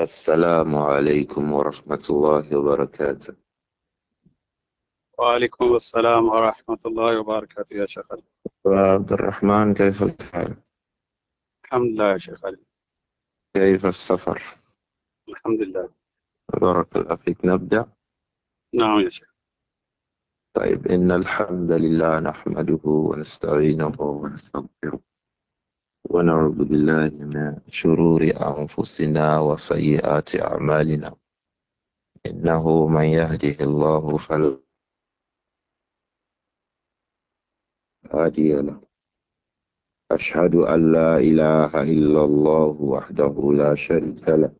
السلام عليكم ورحمة الله وبركاته وعليكم السلام ورحمة الله وبركاته يا شيخ علي عبد الرحمن كيف الحال؟ الحمد لله يا شيخ علي كيف السفر؟ الحمد لله بارك الله فيك نبدأ؟ نعم يا شيخ طيب إن الحمد لله نحمده ونستعينه ونستغفره ونعوذ بالله من شرور أنفسنا وسيئات أعمالنا إنه من يهده الله فلا هادي له أشهد أن لا إله إلا الله وحده لا شريك له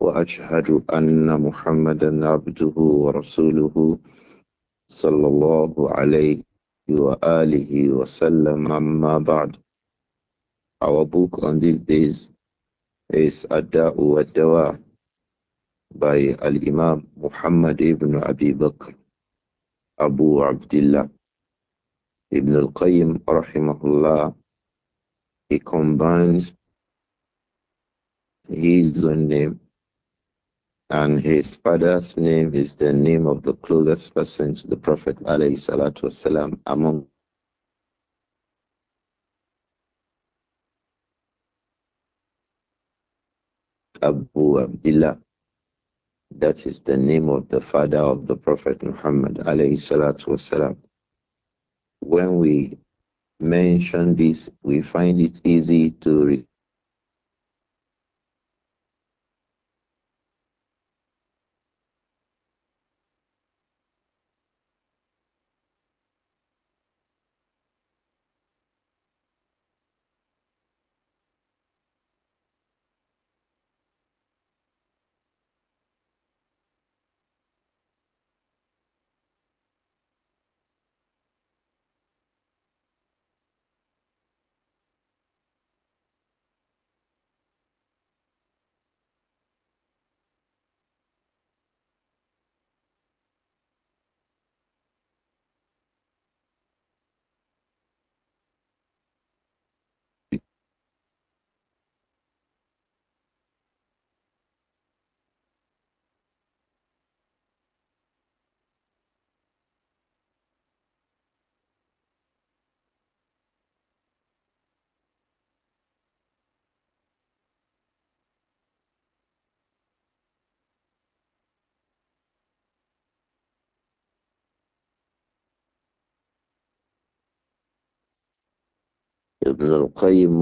وأشهد أن محمدا عبده ورسوله صلى الله عليه وآله وسلم أما بعد Our book on these days is Adda'u wa Dawa by Al Imam Muhammad ibn Abi Bakr Abu Abdullah Ibn al Qayyim rahimahullah. He combines his own name and his father's name is the name of the closest person to the Prophet والسلام, among Abu Abdullah. That is the name of the father of the Prophet Muhammad alayhi salatu wasalam. When we mention this, we find it easy to Ibn al-Qayyim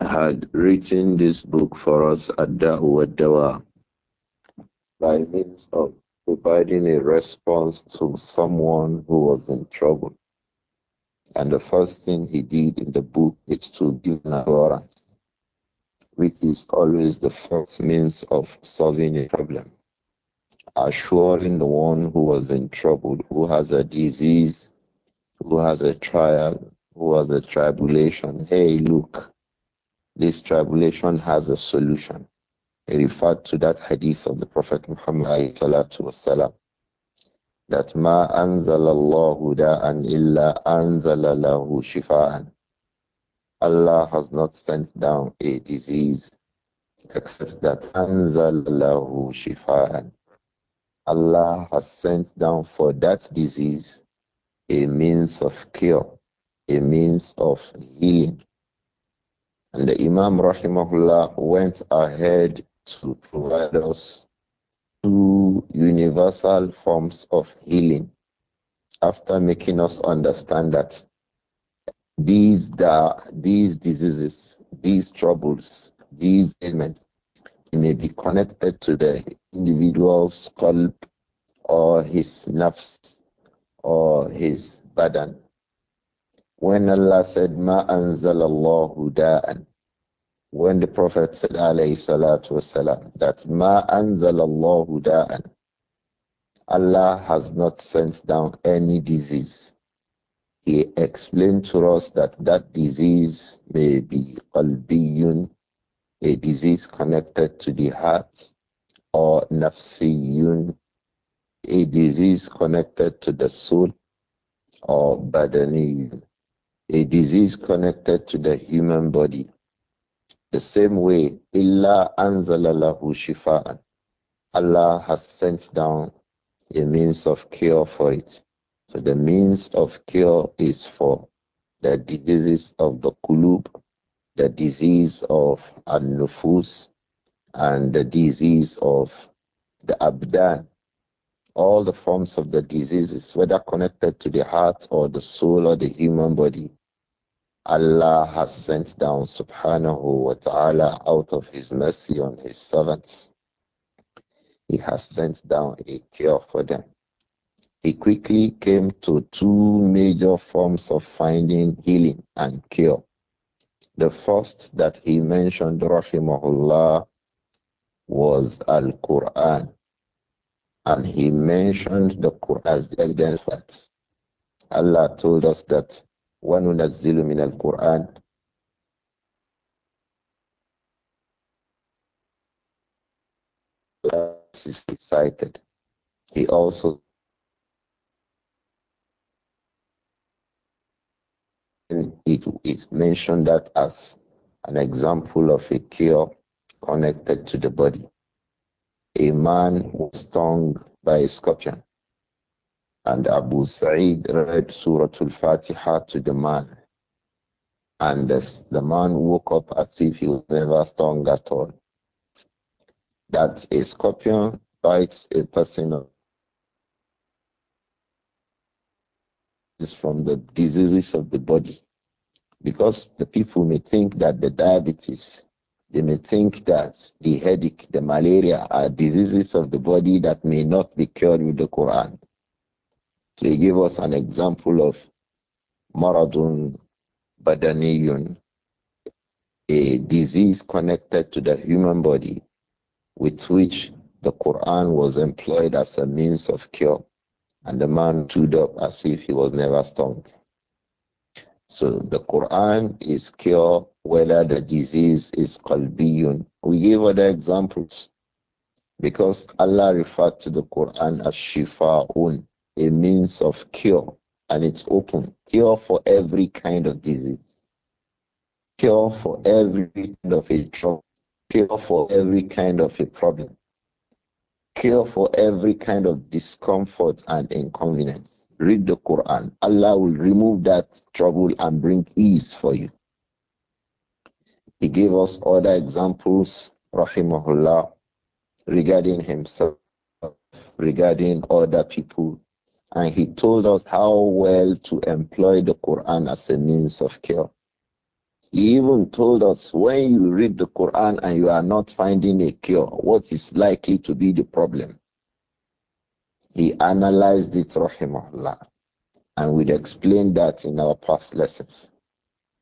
had written this book for us at Dahu Dawa by means of providing a response to someone who was in trouble. And the first thing he did in the book is to give an assurance, which is always the first means of solving a problem assuring the one who was in trouble, who has a disease, who has a trial, who has a tribulation, hey, look, this tribulation has a solution. He referred to that hadith of the Prophet Muhammad wasalam, that ma anzalallahu da'an illa anzalalahu shifa'an. Allah has not sent down a disease except that anzalallahu shifa'an. Allah has sent down for that disease a means of cure, a means of healing. And the Imam Rahimahullah went ahead to provide us two universal forms of healing after making us understand that these, these diseases, these troubles, these ailments, it may be connected to the individual's qalb or his nafs or his badan. When Allah said, Ma Allahu da'an, when the Prophet said, alayhi salatu wasalam, that Ma Allahu da'an, Allah has not sent down any disease. He explained to us that that disease may be qalbiyun a disease connected to the heart, or nafsiyun, a disease connected to the soul, or badaniyun, a disease connected to the human body. The same way, illa anzalalahu shifa'an. Allah has sent down a means of cure for it. So the means of cure is for the diseases of the kulub, the disease of An-Nufus and the disease of the Abdan. All the forms of the diseases, whether connected to the heart or the soul or the human body, Allah has sent down subhanahu wa ta'ala out of His mercy on His servants. He has sent down a cure for them. He quickly came to two major forms of finding healing and cure the first that he mentioned, rahimahullah, was Al Quran. And he mentioned the Quran as the evidence that. Allah told us that وَنُنَزِّلُ مِنَ الْقُرْآنِ is excited. He also it is mentioned that as an example of a cure connected to the body. A man was stung by a scorpion, and Abu Sa'id read Surah Al Fatiha to the man. And the, the man woke up as if he was never stung at all. That a scorpion bites a person is from the diseases of the body because the people may think that the diabetes, they may think that the headache, the malaria are diseases of the body that may not be cured with the Quran. So he gave us an example of Maradun Badaniyun, a disease connected to the human body with which the Quran was employed as a means of cure, and the man stood up as if he was never stung. So the Quran is cure whether the disease is qalbiyun. We gave other examples because Allah referred to the Quran as shifa'un, a means of cure, and it's open. Cure for every kind of disease. Cure for every kind of a trouble. Cure for every kind of a problem. Cure for every kind of discomfort and inconvenience Read the Quran. Allah will remove that trouble and bring ease for you. He gave us other examples, rahimahullah, regarding himself, regarding other people, and he told us how well to employ the Quran as a means of cure. He even told us when you read the Quran and you are not finding a cure, what is likely to be the problem? He analyzed it, rahimahullah, and we'd explained that in our past lessons.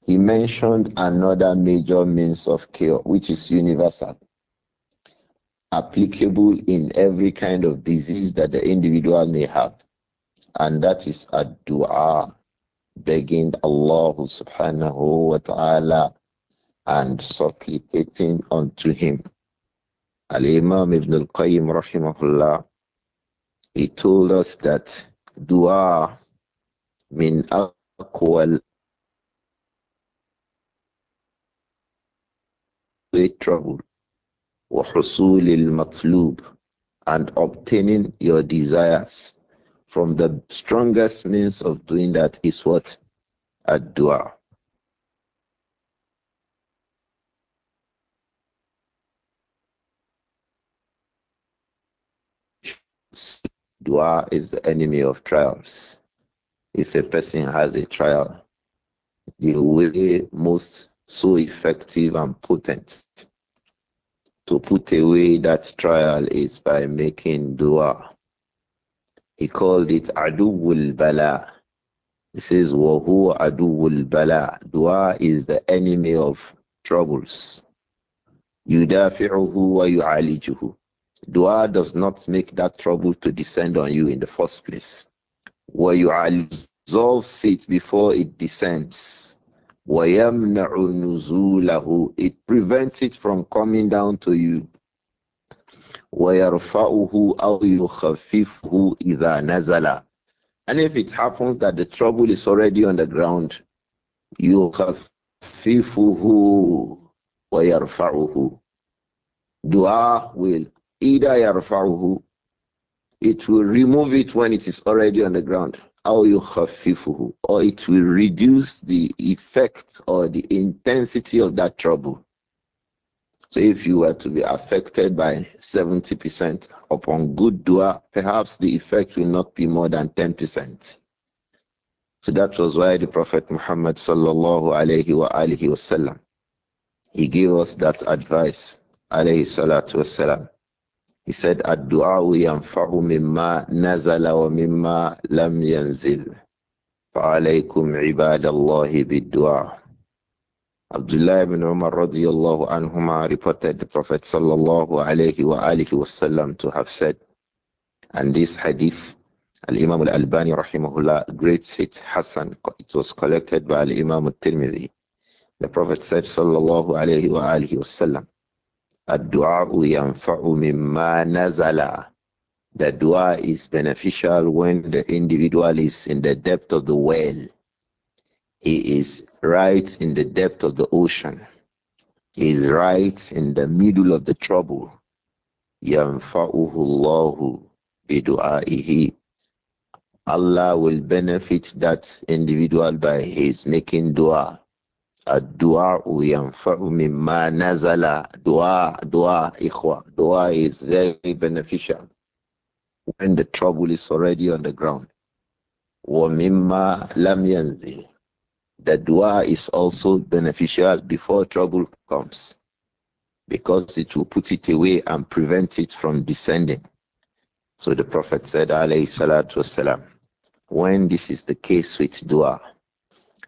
He mentioned another major means of cure, which is universal, applicable in every kind of disease that the individual may have, and that is a dua, begging Allah subhanahu wa ta'ala and supplicating unto Him. Al Imam Ibn Al Qayyim rahimahullah he told us that dua min aqwal trouble وحصول المطلوب and obtaining your desires from the strongest means of doing that is what? Ad-dua. Dua is the enemy of trials. If a person has a trial, the way most so effective and potent to put away that trial is by making dua. He called it aduwul bala. He says wahu aduwul bala. Dua is the enemy of troubles. Yudafi'uhu wa yu'alijuhu. Dua does not make that trouble to descend on you in the first place. Where you resolve it before it descends. It prevents it from coming down to you. And if it happens that the trouble is already on the ground, you وَيَرْفَعُهُ Dua will Ida yarfa'uhu. It will remove it when it is already on the ground. Or it will reduce the effect or the intensity of that trouble. So if you were to be affected by 70% upon good dua, perhaps the effect will not be more than 10%. So that was why the Prophet Muhammad sallallahu alayhi wa alihi wasallam, he gave us that advice, alayhi salatu he said, Ad-du'a yanfa'u mimma nazala wa mimma lam yanzil. فعليكم عباد الله dua." Abdullah ibn Umar radiyallahu anhuma reported the Prophet sallallahu alayhi wa alihi wasallam to have said, and this hadith, Al-Imam al-Albani rahimahullah great saint Hassan, it was collected by Al-Imam al-Tirmidhi. The Prophet said sallallahu alayhi wa alihi wasallam, الدعاء the dua is beneficial when the individual is in the depth of the well. He is right in the depth of the ocean. He is right in the middle of the trouble. يَنْفَعُهُ اللَّهُ بِدُعَائِهِ Allah will benefit that individual by his making dua. Dua mimma nazala. Dua, dua, ikhwa. Dua is very beneficial when the trouble is already on the ground. Wa mimma lam yanzil. The dua is also beneficial before trouble comes because it will put it away and prevent it from descending. So the Prophet said, alayhi salatu wasalam, when this is the case with dua,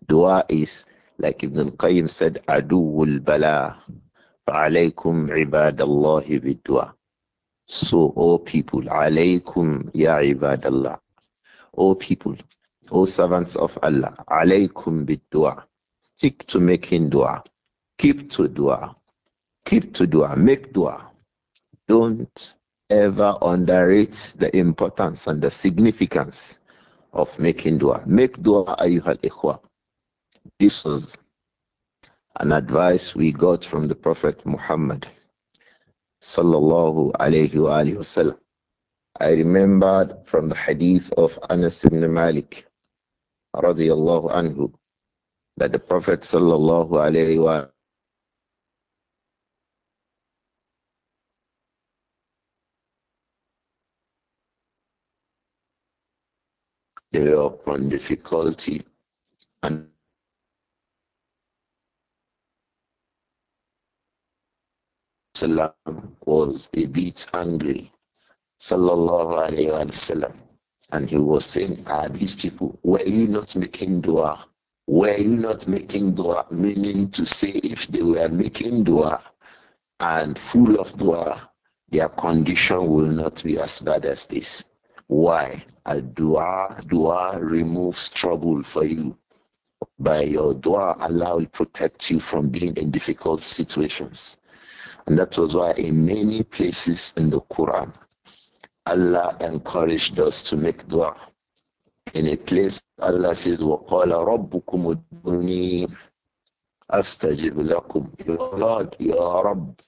dua is like Ibn al-Qayyim said, Aduwul Bala, فَعَلَيْكُمْ عِبَادَ اللَّهِ So, O people, alaykum ya ibadallah. O people, O servants of Allah, alaykum bid Stick to making dua. Keep to dua. Keep to dua. Make dua. Don't ever underrate the importance and the significance of making dua. Make dua, ayyuhal ikhwa. This was an advice we got from the Prophet Muhammad sallallahu alayhi wa alayhi wasallam. I remembered from the hadith of Anas ibn Malik radiyallahu anhu that the Prophet sallallahu alayhi wa they were upon difficulty and wasallam was a bit angry. Sallallahu alayhi wasallam. And he was saying, ah, these people, were you not making dua? Were you not making dua? Meaning to say, if they were making dua and full of dua, their condition will not be as bad as this. Why? A dua, dua removes trouble for you. By your dua, Allah will protect you from being in difficult situations. And that was why in many places in the Quran, Allah encouraged us to make dua. In a place, Allah says, وَقَالَ رَبُّكُمُ ادْعُونِي أَسْتَجِبْ لَكُمْ Your Lord, Your Rabb,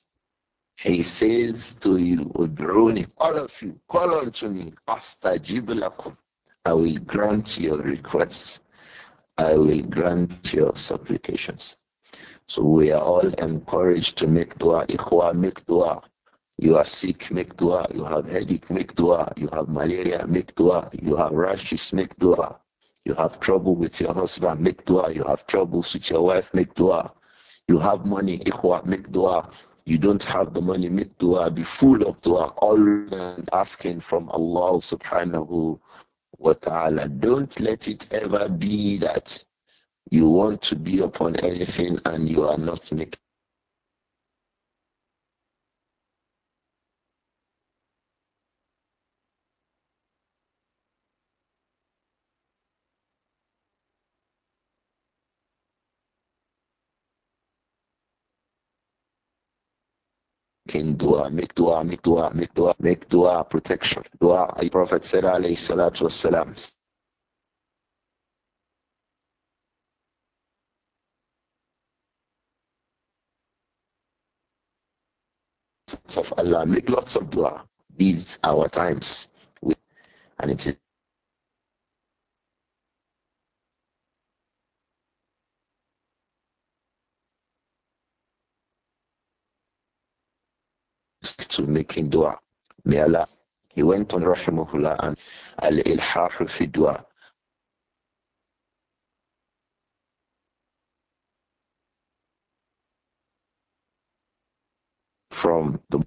He says to you, udruni, all of you, call unto me, أَسْتَجِبْ لَكُمْ I will grant your requests. I will grant your supplications. So we are all encouraged to make dua. Ikhwa, make dua. You are sick, make dua. You have headache, make dua. You have malaria, make dua. You have rashes, make dua. You have trouble with your husband, make dua. You have troubles with your wife, make dua. You have money, ikhwa, make dua. You don't have the money, make dua. Be full of dua. All asking from Allah subhanahu wa ta'ala. Don't let it ever be that you want to be upon anything and you are not making making dua, make dua, make dua, make dua, make dua protection. Dua, the Prophet said, alayhi salatu wasalam, lots of Allah, make lots of dua. These our times. And it is to making dua. May Allah. He went on Rahimahullah and Al Ilhah fi from the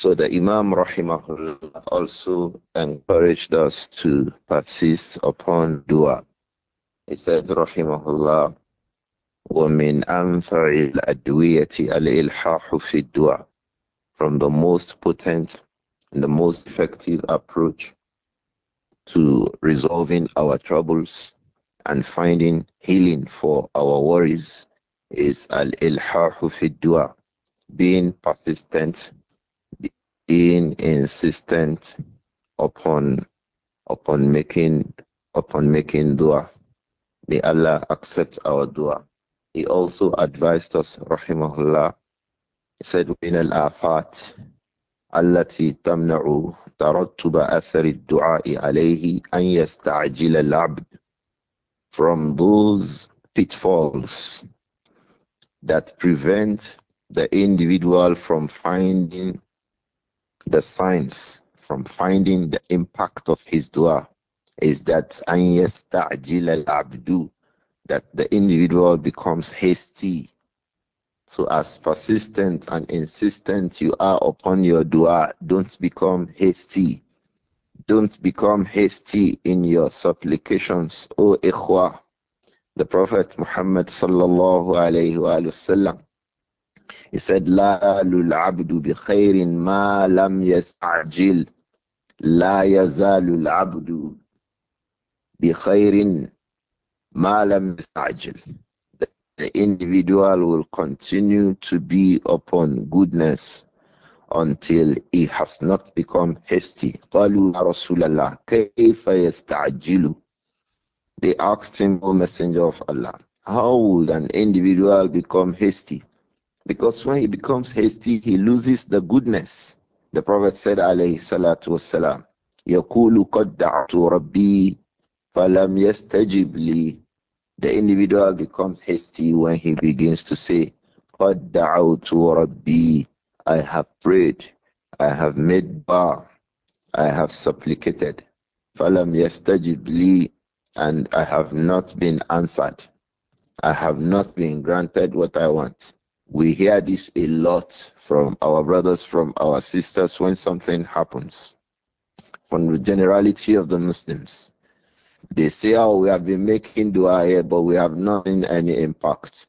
So the Imam Rahimahullah also encouraged us to persist upon dua. He said Rahimahullah وَمِنْ أَنْفَعِ الْأَدْوِيَةِ الْإِلْحَاحُ فِي الدُّعَى From the most potent and the most effective approach to resolving our troubles and finding healing for our worries is al-ilhahu fi dua, being persistent being insistent upon upon making upon making dua. May Allah accept our dua. He also advised us, rahimahullah, he said, وَمِنَ الْآفَاتِ التي تمنع ترتب أثر الدعاء عليه أن يستعجل العبد from those pitfalls that prevent the individual from finding the signs from finding the impact of his dua is that an yasta'jil al-abdu that the individual becomes hasty so as persistent and insistent you are upon your dua don't become hasty don't become hasty in your supplications o ikhwa the prophet muhammad sallallahu wa wasallam he said, La lul abdu bi khairin ma lam yas'ajil. La yazalul abdu bi khairin ma lam The individual will continue to be upon goodness until he has not become hasty. قالوا يا رسول الله كيف يستعجل They asked him, O Messenger of Allah, how would an individual become hasty? Because when he becomes hasty, he loses the goodness. The Prophet said, alayhi salatu wasalam, يَقُولُ قَدْ رَبِّي فَلَمْ يَسْتَجِبْ لِي The individual becomes hasty when he begins to say, قَدْ دَعَوْتُ رَبِّي I have prayed, I have made bar, I have supplicated. فَلَمْ يَسْتَجِبْ لِي And I have not been answered. I have not been granted what I want. We hear this a lot from our brothers, from our sisters when something happens, from the generality of the Muslims. They say, Oh, we have been making dua here, but we have not seen any impact.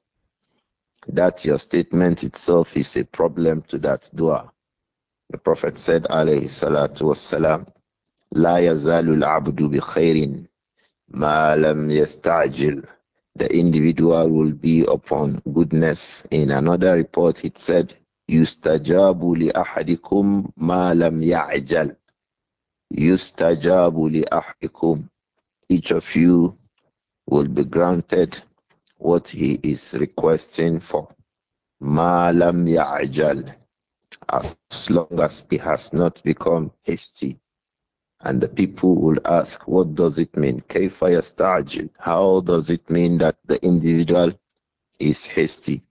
That your statement itself is a problem to that dua. The Prophet said, alayhi salatu wassalam, لا يزال العبد بخير ma لم yasta'jil the individual will be upon goodness. In another report, it said, يستجاب لأحدكم ما لم يعجل يستجاب لأحدكم Each of you will be granted what he is requesting for. ما لم يعجل As long as he has not become hasty. And the people will ask, what does it mean? Kaifa yasta'jil? How does it mean that the individual is hasty?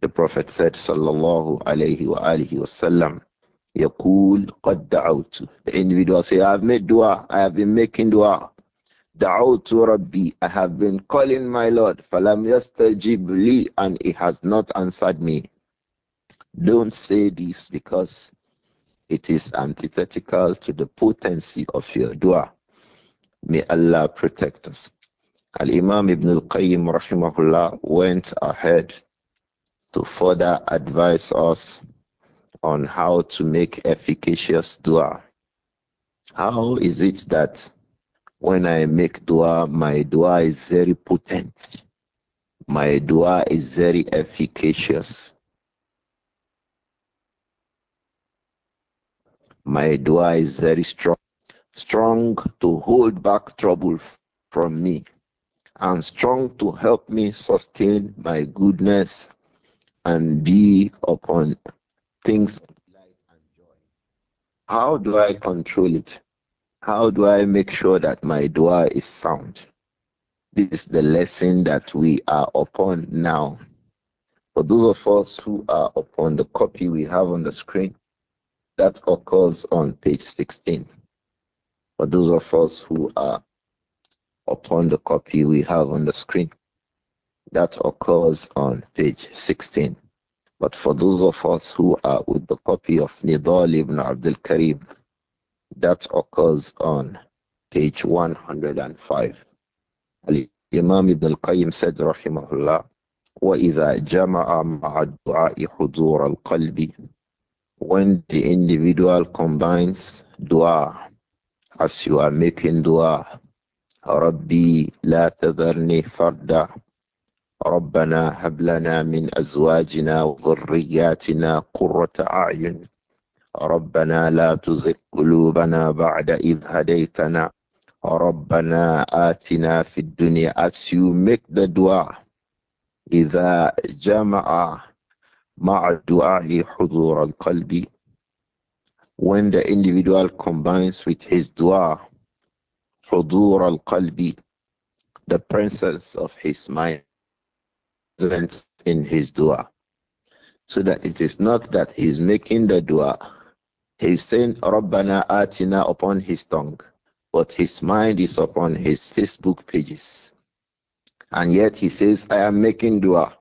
The Prophet said, sallallahu Alaihi wa wasallam, yaqul qad da'awtu. The individual say, I have made dua, I have been making dua. Da'awtu Rabbi, I have been calling my Lord, falam yastajib li, and he has not answered me. Don't say this because it is antithetical to the potency of your dua. May Allah protect us. Al Imam Ibn Al Qayyim rahimahullah went ahead to further advise us on how to make efficacious dua. How is it that when I make dua, my dua is very potent? My dua is very efficacious. My dua is very strong, strong to hold back trouble from me, and strong to help me sustain my goodness and be upon things of light and joy. How do I control it? How do I make sure that my dua is sound? This is the lesson that we are upon now. For those of us who are upon the copy we have on the screen, that occurs on page 16. For those of us who are upon the copy we have on the screen, that occurs on page 16. But for those of us who are with the copy of Nidal ibn Abdul Karim, that occurs on page 105. Ali Imam ibn al-Qayyim said, rahimahullah, وَإِذَا جَمَعَ مَعَ الدُّعَاءِ حُضُورَ الْقَلْبِ when the individual combines dua as you are making dua ربي لا تذرني فردا ربنا هب لنا من أزواجنا وذرياتنا قرة أعين ربنا لا تزغ قلوبنا بعد إذ هديتنا ربنا آتنا في الدنيا as you make the dua إذا جمع مع الدعاء حضور القلب when the individual combines with his dua حضور القلب the presence of his mind in his dua so that it is not that he is making the dua he's saying Rabbana atina upon his tongue but his mind is upon his Facebook pages and yet he says I am making dua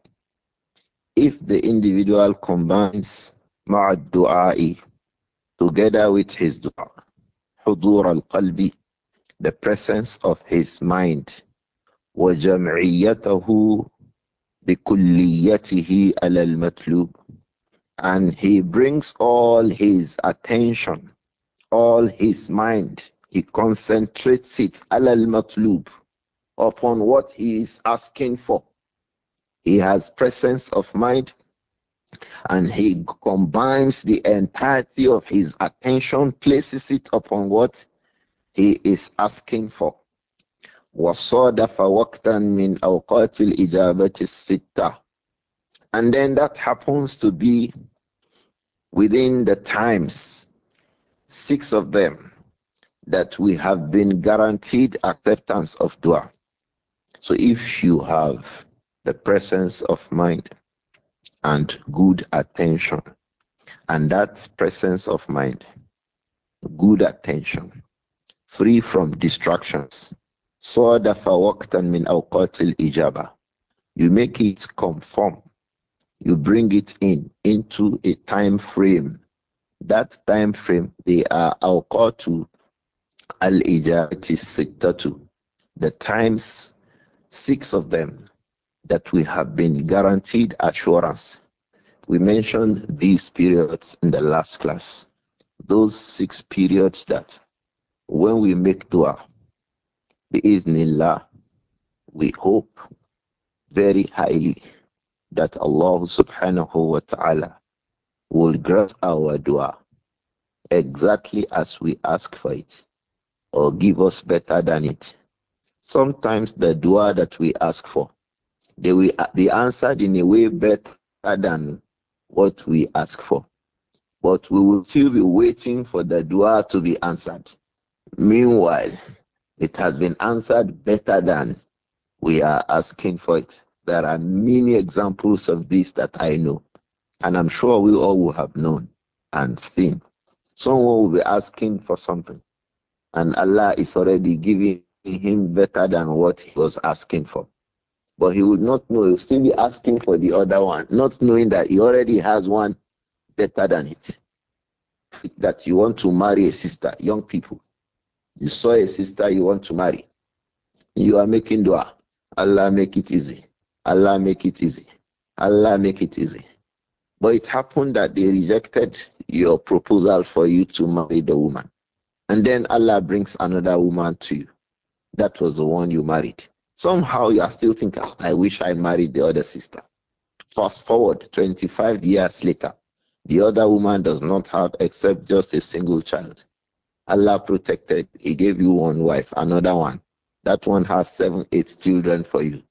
if the individual combines ma'ad du'a'i together with his du'a, hudur al-qalbi, the presence of his mind, وجمعيته بكليته على المطلوب and he brings all his attention all his mind he concentrates it على المطلوب upon what he is asking for he has presence of mind and he combines the entirety of his attention, places it upon what he is asking for. وصادف وقتا من أوقات الإجابة sita, and then that happens to be within the times six of them that we have been guaranteed acceptance of dua so if you have the presence of mind and good attention. And that presence of mind, good attention, free from distractions. صادف وقتا من أوقات Ijaba, You make it conform. You bring it in into a time frame. That time frame, they are Al أوقات al-ijabati sittatu. The times, six of them that we have been guaranteed assurance. We mentioned these periods in the last class. Those six periods that when we make dua, bi'iznillah, we hope very highly that Allah subhanahu wa ta'ala will grant our dua exactly as we ask for it or give us better than it. Sometimes the dua that we ask for they will be answered in a way better than what we ask for. But we will still be waiting for the dua to be answered. Meanwhile, it has been answered better than we are asking for it. There are many examples of this that I know, and I'm sure we all will have known and seen. Someone will be asking for something, and Allah is already giving him better than what he was asking for. But he would not know. He would still be asking for the other one, not knowing that he already has one better than it. That you want to marry a sister, young people. You saw a sister you want to marry. You are making dua. Allah make it easy. Allah make it easy. Allah make it easy. But it happened that they rejected your proposal for you to marry the woman. And then Allah brings another woman to you. That was the one you married. Somehow you are still thinking, oh, I wish I married the other sister. Fast forward 25 years later, the other woman does not have except just a single child. Allah protected. He gave you one wife, another one. That one has seven, eight children for you.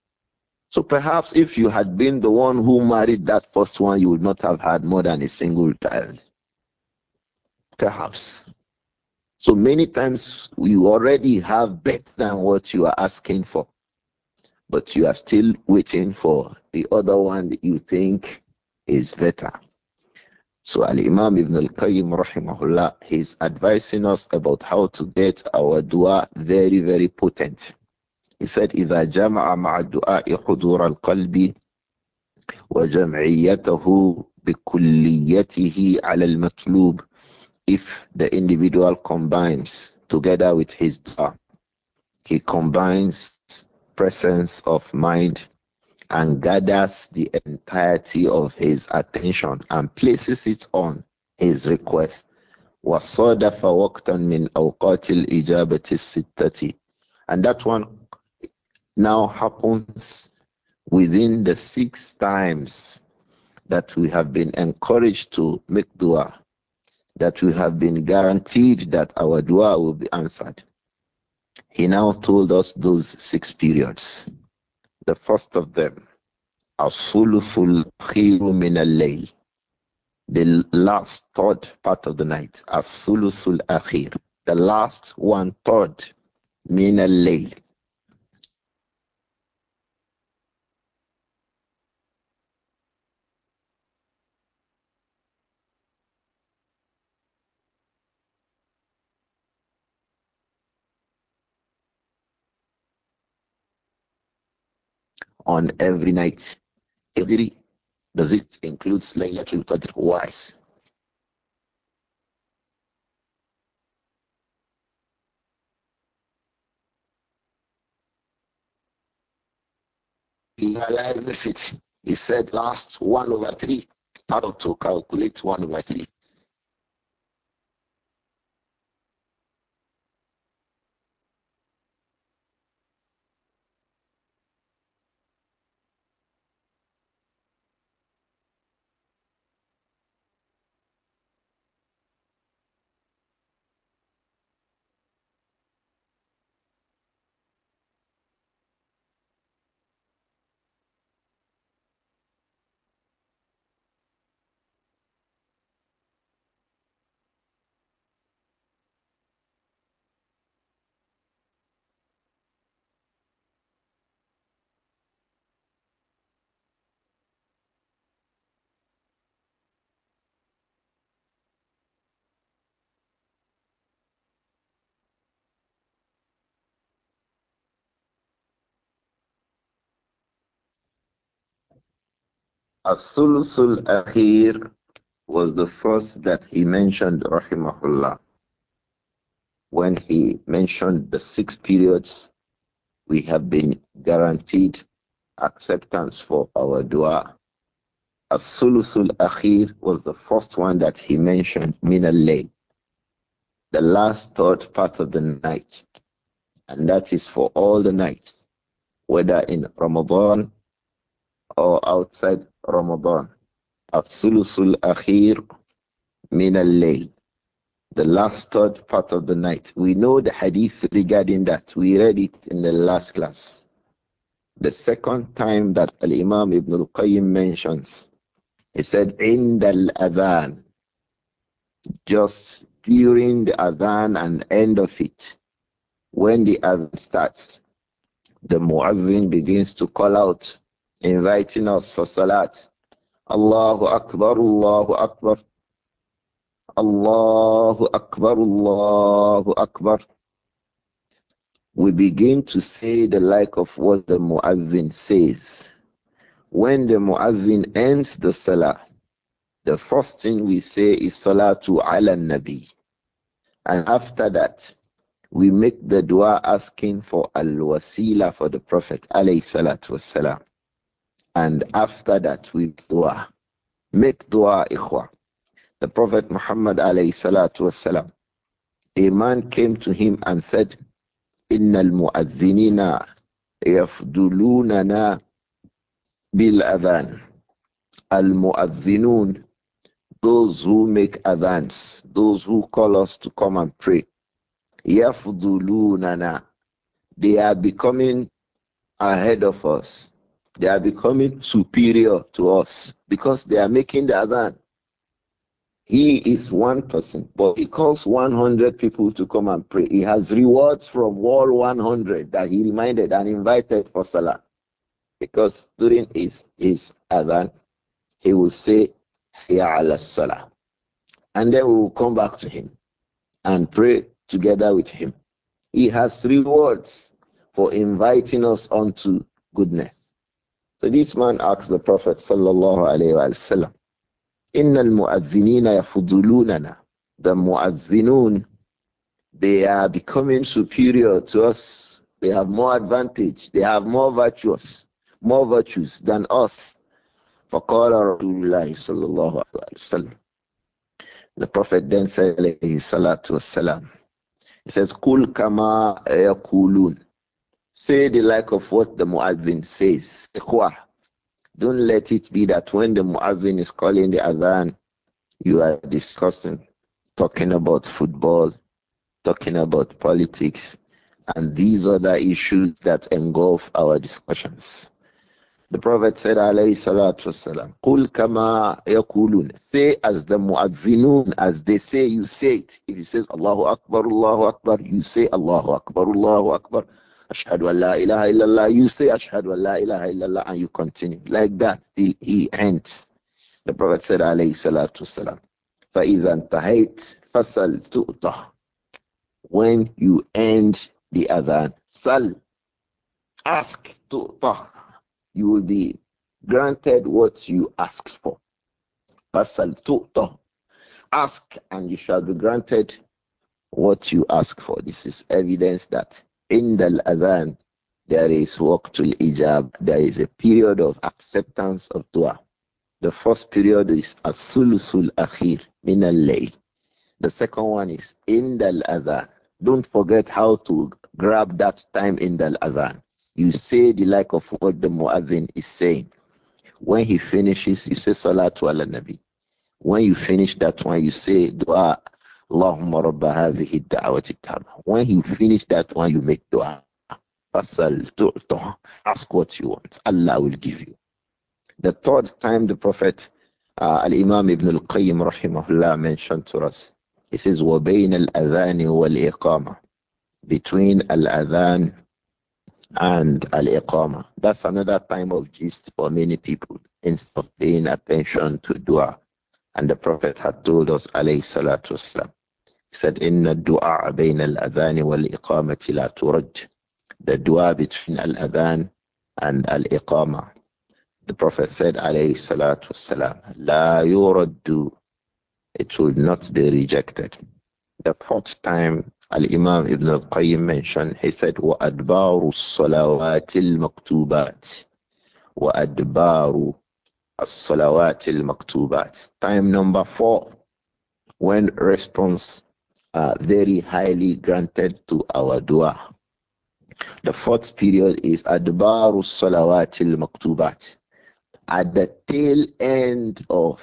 So perhaps if you had been the one who married that first one, you would not have had more than a single child. Perhaps. So many times you already have better than what you are asking for but you are still waiting for the other one that you think is better. So Al Imam Ibn Al Qayyim rahimahullah, he's advising us about how to get our du'a very, very potent. He said, إذا جمع مع الدعاء حضور القلب وجمعيته بكليته على المطلوب if the individual combines together with his dua, he combines presence of mind and gathers the entirety of his attention and places it on his request. and that one now happens within the six times that we have been encouraged to make dua that we have been guaranteed that our dua will be answered he now told us those six periods. The first of them, Asuluful Khiru min al the last third part of the night, Asulusul Akhir, the last one third, min al on every night. Qadri, does it include Laylatul Qadr? twice? He realizes it. He said last 1 over 3, how to calculate 1 over 3. As-Sulusul Akhir was the first that he mentioned, Rahimahullah. When he mentioned the six periods, we have been guaranteed acceptance for our dua. As-Sulusul Akhir was the first one that he mentioned, mina al the last third part of the night. And that is for all the nights, whether in Ramadan or outside Ramadan. Asulusul akhir min al The last third part of the night. We know the hadith regarding that. We read it in the last class. The second time that Al Imam Ibn Al Qayyim mentions, he said, "In al adhan," just during the adhan and end of it, when the adhan starts, the muazzin begins to call out inviting us for salat. Allahu Akbar, Allahu Akbar. Allahu Akbar, Allahu Akbar. We begin to say the like of what the Mu'adhin says. When the Mu'adhin ends the Salah, the first thing we say is Salatu ala Nabi. And after that, we make the dua asking for al wasila for the Prophet alayhi salatu wassalam and after that with dua. Make dua ikhwa. The Prophet Muhammad alayhi salatu wasalam, a man came to him and said, al-Muadinina إن bil adhan. al المؤذنون those who make adhans those who call us to come and pray يفضلوننا they are becoming ahead of us they are becoming superior to us because they are making the adhan. He is one person, but he calls 100 people to come and pray. He has rewards from all 100 that he reminded and invited for Salah. Because during his, his adhan, he will say, Ya ala Salah. And then we will come back to him and pray together with him. He has rewards for inviting us onto goodness. So this man asks the Prophet sallallahu alaihi wasallam, "Inna al-mu'adhdhinina yafudulunana." The mu'adhdhinun, they are becoming superior to us. They have more advantage. They have more virtues, more virtues than us. فقال رسول الله صلى الله عليه وسلم The Prophet then said عليه الصلاة والسلام He says قل كما يقولون Say the like of what the Muazzin says. Don't let it be that when the Muazzin is calling the Adhan, you are discussing, talking about football, talking about politics, and these other issues that engulf our discussions. The Prophet said, alayhi salatu wasalam, Kul kama yakulun. Say as the mu'adhinun, as they say, you say it. If he says, Allahu Akbar, Allahu Akbar, you say, Allahu Akbar, Allahu Akbar. Ashhadu an la ilaha illallah. You say Ashhadu an la ilaha illallah and you continue like that till he ends. The Prophet said, alayhi salatu salam, فَإِذَا انْتَهَيْتْ فَسَلْ تُؤْتَى When you end the adhan, sal, ask tu'tah. You will be granted what you ask for. Fasal tu'tah. Ask and you shall be granted what you ask for. This is evidence that in the adhan, there is waqtul ijab. There is a period of acceptance of dua. The first period is as-sulusul akhir min al-layl. The second one is in the adhan. Don't forget how to grab that time in the adhan. You say the like of what the muadhin is saying. When he finishes, you say salatu ala nabi. When you finish that one, you say dua when you finish that one, you make dua. Fasal tu'ta. Ask what you want. Allah will give you. The third time the Prophet uh, Al-Imam Ibn al rahimahullah mentioned to us, he says, وَبَيْنَ الْأَذَانِ وَالْإِقَامَةِ Between Al-Adhan and Al-Iqama. That's another time of gist for many people instead of paying attention to dua. And the Prophet had told us, alayhi salatu wasalam, said, Inna الدعاء بين al adhan wal iqamati la The dua between al adhan and al The Prophet said, alayhi salatu والسلام La yuraddu. It will not be rejected. The fourth time Al Imam Ibn Al Qayyim mentioned, he said, "Wa adbaru المكتوبات وأدبار maktubat, wa adbaru maktubat." Time number four, when response very highly granted to our dua. The fourth period is Adbaru Salawatil Maktubat. At the tail end of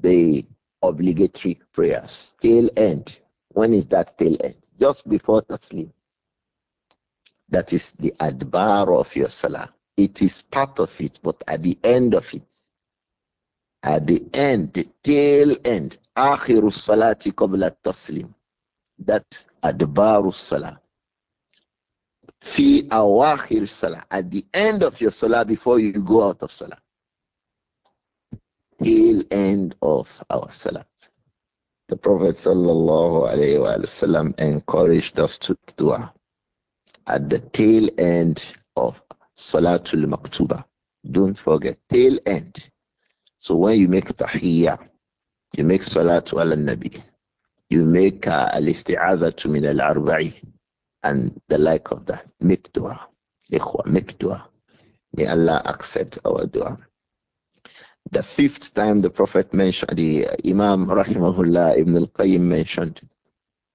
the obligatory prayers, tail end. When is that tail end? Just before Taslim. That is the Adbar of your Salah. It is part of it, but at the end of it, at the end, the tail end, Akhiru Salati Qabla Taslim bar of salah. Fi awakhir salah. At the end of your salah before you go out of salah. Till end of our salah. The Prophet sallallahu alaihi wasallam encouraged us to dua at the tail end of salatul maktuba. Don't forget tail end. So when you make tahiyya, you make salatu ala nabi you make uh, al to min al-arba'i and the like of that. Make dua. Ikhwa, make dua. May Allah accept our dua. The fifth time the Prophet mentioned, the Imam Rahimahullah Ibn al-Qayyim mentioned,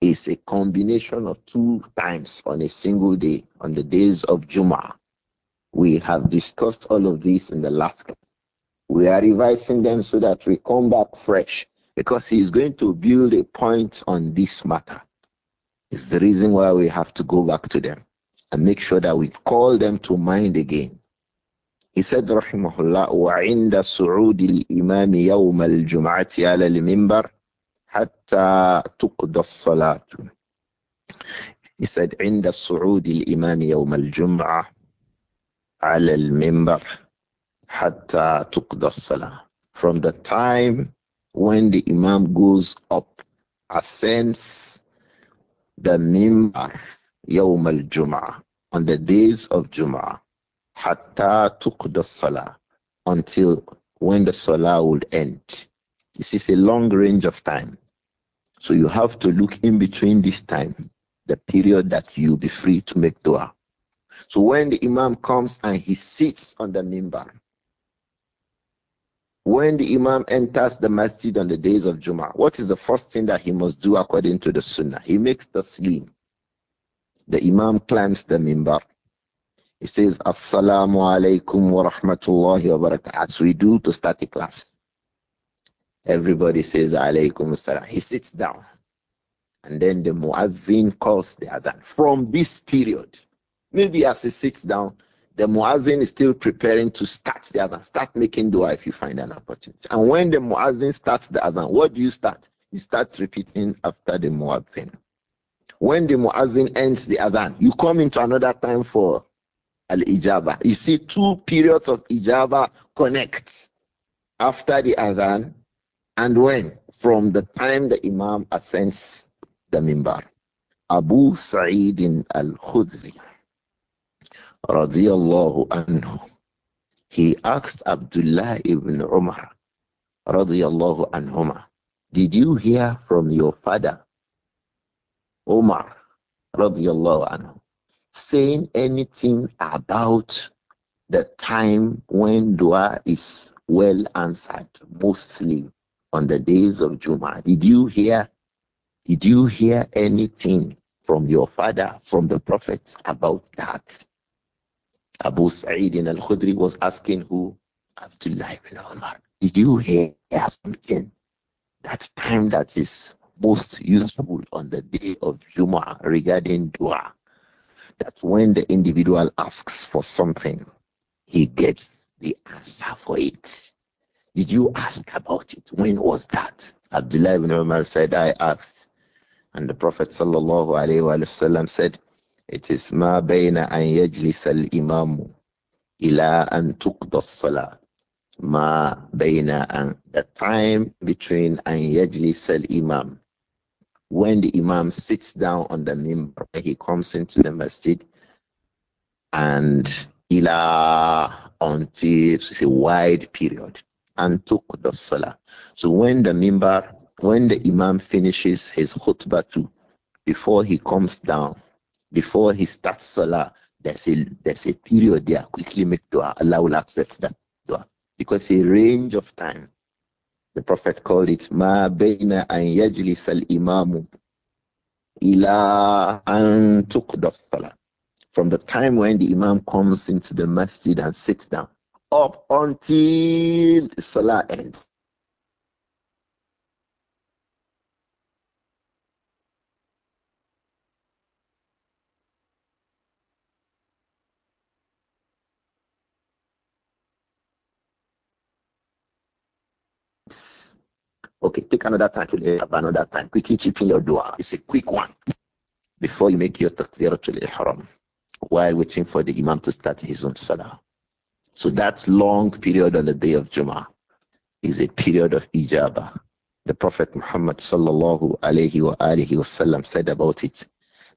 is a combination of two times on a single day, on the days of Jum'ah. We have discussed all of this in the last class. We are revising them so that we come back fresh because he is going to build a point on this matter. It's the reason why we have to go back to them and make sure that we call them to mind again. He said, Rahimahullah, وعند صعود الإمام يوم الجمعة على المنبر حتى تقضى الصلاة. He said, عند صعود الإمام يوم الجمعة على المنبر حتى تقضى الصلاة. From the time when the Imam goes up, ascends the mimbar yawm al Jum'ah on the days of Jum'ah hatta tuqda salah until when the salah would end. This is a long range of time. So you have to look in between this time, the period that you'll be free to make dua. So when the Imam comes and he sits on the mimbar, when the Imam enters the masjid on the days of Juma, what is the first thing that he must do according to the Sunnah? He makes the Salam. The Imam climbs the mimbar. He says, Assalamu alaikum wa rahmatullahi wa barakatuh. As we do to start the class. Everybody says, alaikum Salam. He sits down. And then the muazzin calls the adhan. From this period, maybe as he sits down, the muazzin is still preparing to start the adhan. Start making dua if you find an opportunity. And when the muazzin starts the adhan, what do you start? You start repeating after the muazzin. When the muazzin ends the adhan, you come into another time for al ijaba. You see, two periods of ijaba connect after the adhan and when from the time the imam ascends the mimbar. Abu Sa'id al-Khudri radiallahu anhu, he asked Abdullah ibn Umar radiallahu anhuma, did you hear from your father, Umar radiallahu anhu, saying anything about the time when dua is well answered, mostly on the days of Juma. Did you hear? Did you hear anything from your father, from the prophet about that? Abu Sa'id al-Khudri was asking who? Abdullah ibn Umar. Did you hear something? That time that is most useful on the day of Jumu'ah regarding dua. That when the individual asks for something, he gets the answer for it. Did you ask about it? When was that? Abdullah ibn Umar said, I asked. And the Prophet ﷺ said, it is ma bayna an yajlis al imamu ila an tuqda salah. Ma bayna an the time between an yajlis al imam when the imam sits down on the mimbar he comes into the masjid and ila until it's a wide period and took the salah. So when the mimbar, when the imam finishes his khutbah too, before he comes down, before he starts Salah, there's a there's a period there. Quickly make dua. Allah will accept that dua. Because a range of time. The Prophet called it Ma Baina an Yajlis al Imamu ila an tuqdas salah. From the time when the Imam comes into the masjid and sits down up until Salah ends. Okay, take another time to have another time. Quickly chip in your dua. It's a quick one before you make your the ihram while waiting for the imam to start his own salah. So that long period on the day of Jummah is a period of ijabah. The Prophet Muhammad sallallahu alayhi wa alihi wasallam said about it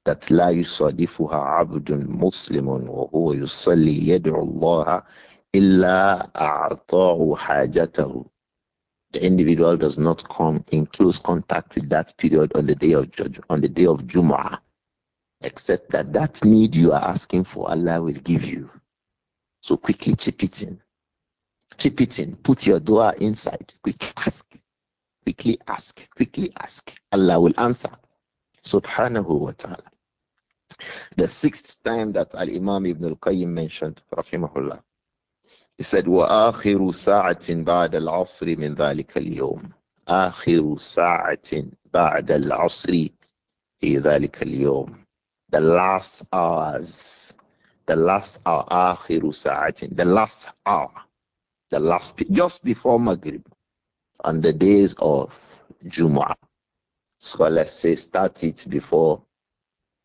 that لا يصادفها عبد مسلم وهو يصلي يدعو الله إلا أعطاه حاجته the individual does not come in close contact with that period on the day of judge on the day of Jumu'ah, except that that need you are asking for, Allah will give you. So quickly chip it in. Chip it in. Put your dua inside. Quickly ask. Quickly ask. Quickly ask. Allah will answer. Subhanahu wa ta'ala. The sixth time that Al Imam Ibn Al Qayyim mentioned, rahimahullah, he said, وَآخِرُ سَاعَةٍ بَعْدَ الْعَصْرِ مِنْ ذَلِكَ الْيَوْمِ آخِرُ سَاعَةٍ بَعْدَ الْعَصْرِ فِي ذَلِكَ الْيَوْمِ The last hours, the last hour, آخِرُ سَاعَةٍ The last hour, the last, just before Maghrib, on the days of Jumu'ah. Scholars say start it before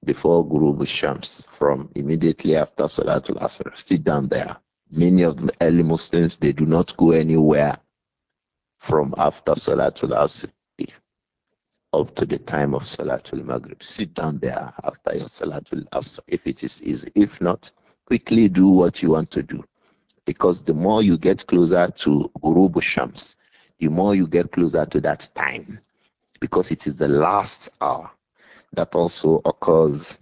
before Guru Shams from immediately after Salatul Asr. Sit down there Many of the early Muslims, they do not go anywhere from after Salatul Asr up to the time of Salatul Maghrib. Sit down there after your Salatul Asr if it is easy. If not, quickly do what you want to do. Because the more you get closer to Gurub Shams, the more you get closer to that time. Because it is the last hour. That also occurs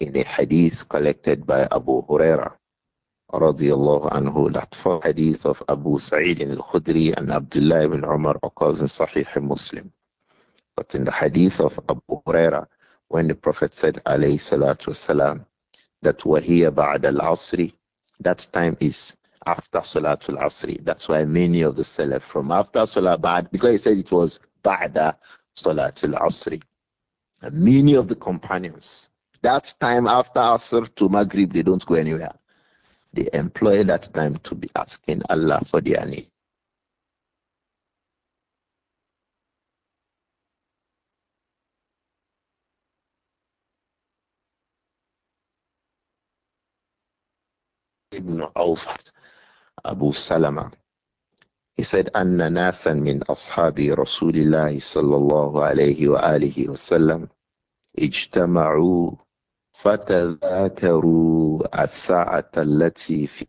in a hadith collected by Abu Huraira radiallahu anhu that four hadith of Abu Sa'id al-Khudri and Abdullah ibn Umar occurs in Sahih Muslim. But in the hadith of Abu Huraira, when the Prophet said, alayhi salatu wasalam, that wahiya ba'd al-asri, that time is after Salatul Asri. That's why many of the Salaf from after Salat Ba'd, because he said it was Ba'da Salatul Asri. And many of the companions, that time after Asr to Maghrib, they don't go anywhere. They employ that time to be asking Allah for their need. Ibn Auf, Abu Salama. He said, أن ناسا min ashabi رسول الله صلى الله عليه وآله وسلم اجتمعوا فتذاكروا الساعة التي في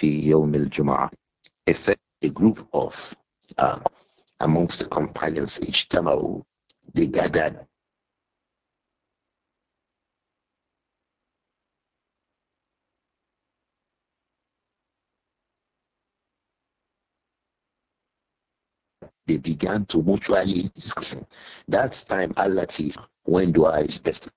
في يوم الجمعة. It's a, group of uh, amongst the companions each time they gathered they began to mutually discuss. That's time Allah when I is best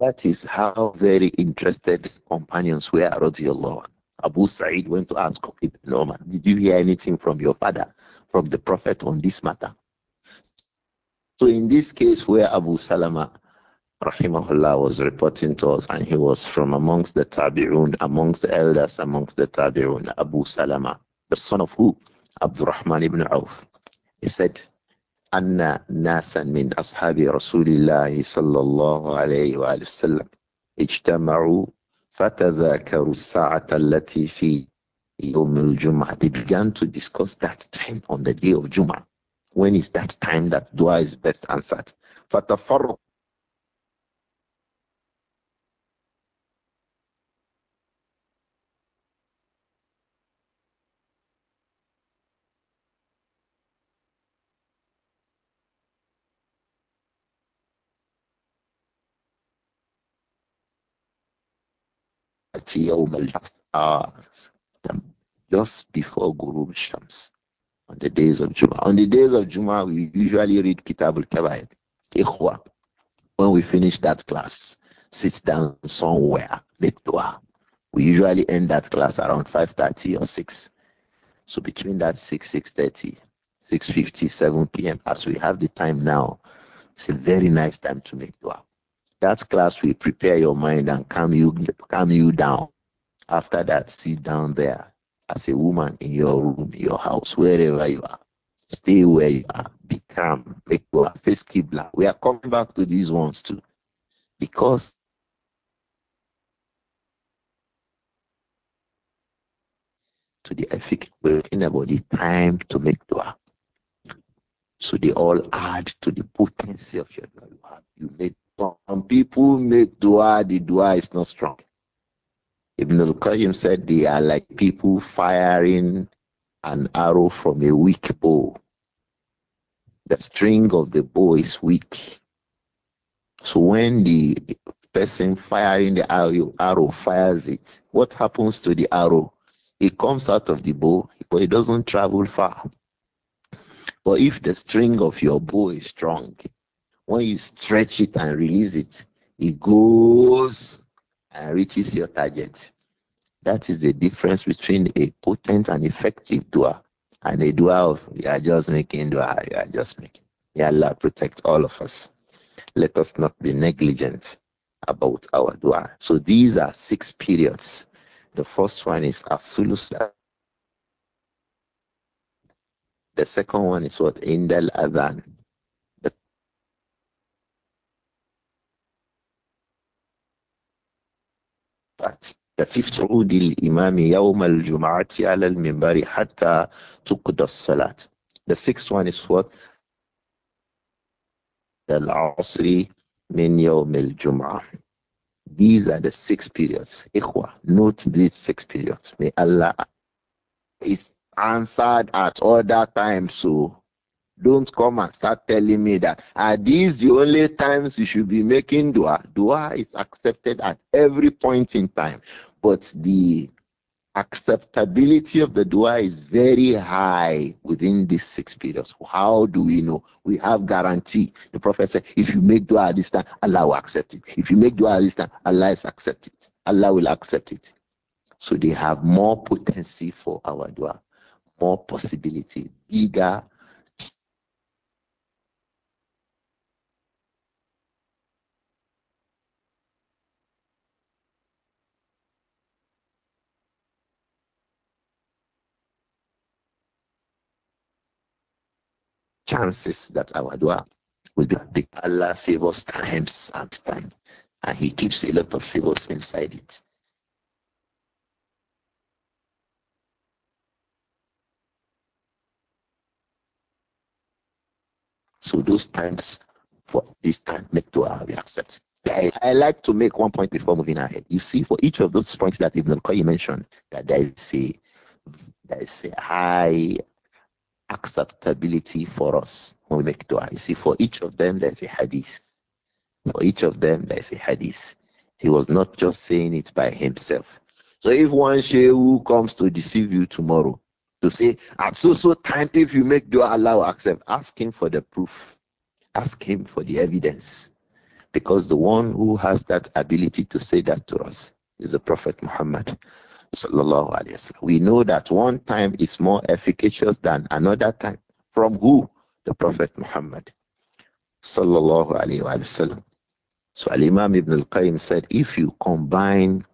That is how very interested companions were, radiallahu Abu Sa'id went to ask Ibn Omar, did you hear anything from your father, from the Prophet on this matter? So in this case where Abu Salama rahimahullah was reporting to us and he was from amongst the tabi'un, amongst the elders, amongst the tabi'un, Abu Salama, the son of who? Abdurrahman ibn Auf. He said, أن ناسا من أصحاب رسول الله صلى الله عليه وآله وسلم اجتمعوا فتذاكروا الساعة التي في يوم الجمعة they began to discuss that time on the day of Jum'ah when is that time that dua is best answered فتفرق يوم الحصر just before Guru Shams on the days of Juma. On the days of Juma, we usually read Kitab al-Kabair, When we finish that class, sit down somewhere, make dua. We usually end that class around 5.30 or 6. So between that 6, 6.30, 6.50, 7 p.m., as we have the time now, it's a very nice time to make dua. That class will prepare your mind and calm you calm you down. After that, sit down there as a woman in your room, your house, wherever you are. Stay where you are. Be calm. Make your face keep black. We are coming back to these ones too. Because to the ethic, we're talking about the time to make dua. So they all add to the potency of your dua. You made some people make dua, the dua is not strong. Ibn al-Qayyim said they are like people firing an arrow from a weak bow. The string of the bow is weak. So when the person firing the arrow, arrow fires it, what happens to the arrow? It comes out of the bow, but it doesn't travel far. But if the string of your bow is strong, when you stretch it and release it, it goes and reaches your target. That is the difference between a potent and effective dua and a dua of you are just making dua, you are just making. May Allah protect all of us. Let us not be negligent about our dua. So these are six periods. The first one is Asulus. The second one is what? Indal Adhan. that تفيف عود الإمام يوم الجمعة على المنبر حتى تقضى الصلاة. The sixth one is what? العصر من يوم الجمعة. These are the six periods. Ikhwa, note these six periods. May Allah is answered at all that time. So don't come and start telling me that are these the only times we should be making dua? Dua is accepted at every point in time, but the acceptability of the dua is very high within these six periods. How do we know? We have guarantee. The Prophet said, if you make dua at this time, Allah will accept it. If you make dua at this time, Allah is accept it. Allah will accept it. So they have more potency for our dua, more possibility, bigger chances that our dua will be big. Allah favors times and time, and He keeps a lot of favors inside it. So those times for this time make dua we accept. I, I, like to make one point before moving ahead. You see, for each of those points that Ibn qayyim mentioned, that there is a there is a high acceptability for us when we make dua. You see, for each of them, there's a hadith. For each of them, there's a hadith. He was not just saying it by himself. So if one shehu comes to deceive you tomorrow, to say, at so so time, if you make dua, Allah will accept, ask him for the proof. Ask him for the evidence. Because the one who has that ability to say that to us is the Prophet Muhammad we know that one time is more efficacious than another time. From who? The Prophet Muhammad. Sallallahu alayhi wasallam. So Al Imam Ibn Al Qayyim said, if you combine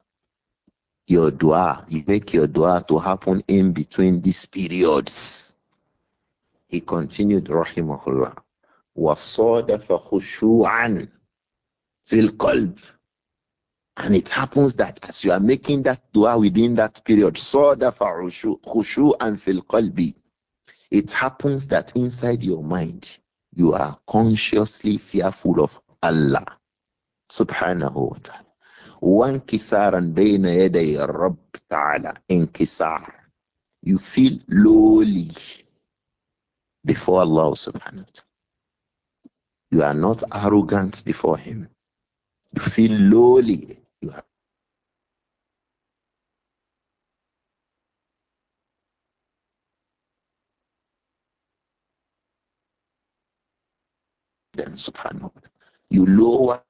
your dua, you make your dua to happen in between these periods. He continued, rahimahullah, وَصَادَفَ خُشُوعًا فِي الْقَلْبِ and it happens that as you are making that dua within that period, khushu, khushu and fil qalbi, it happens that inside your mind you are consciously fearful of Allah subhanahu wa ta'ala. وانكسارا بين يدي الرب تعالى انكسار you feel lowly before Allah subhanahu wa ta'ala. You are not arrogant before Him. You feel lowly you them subhanahu You lower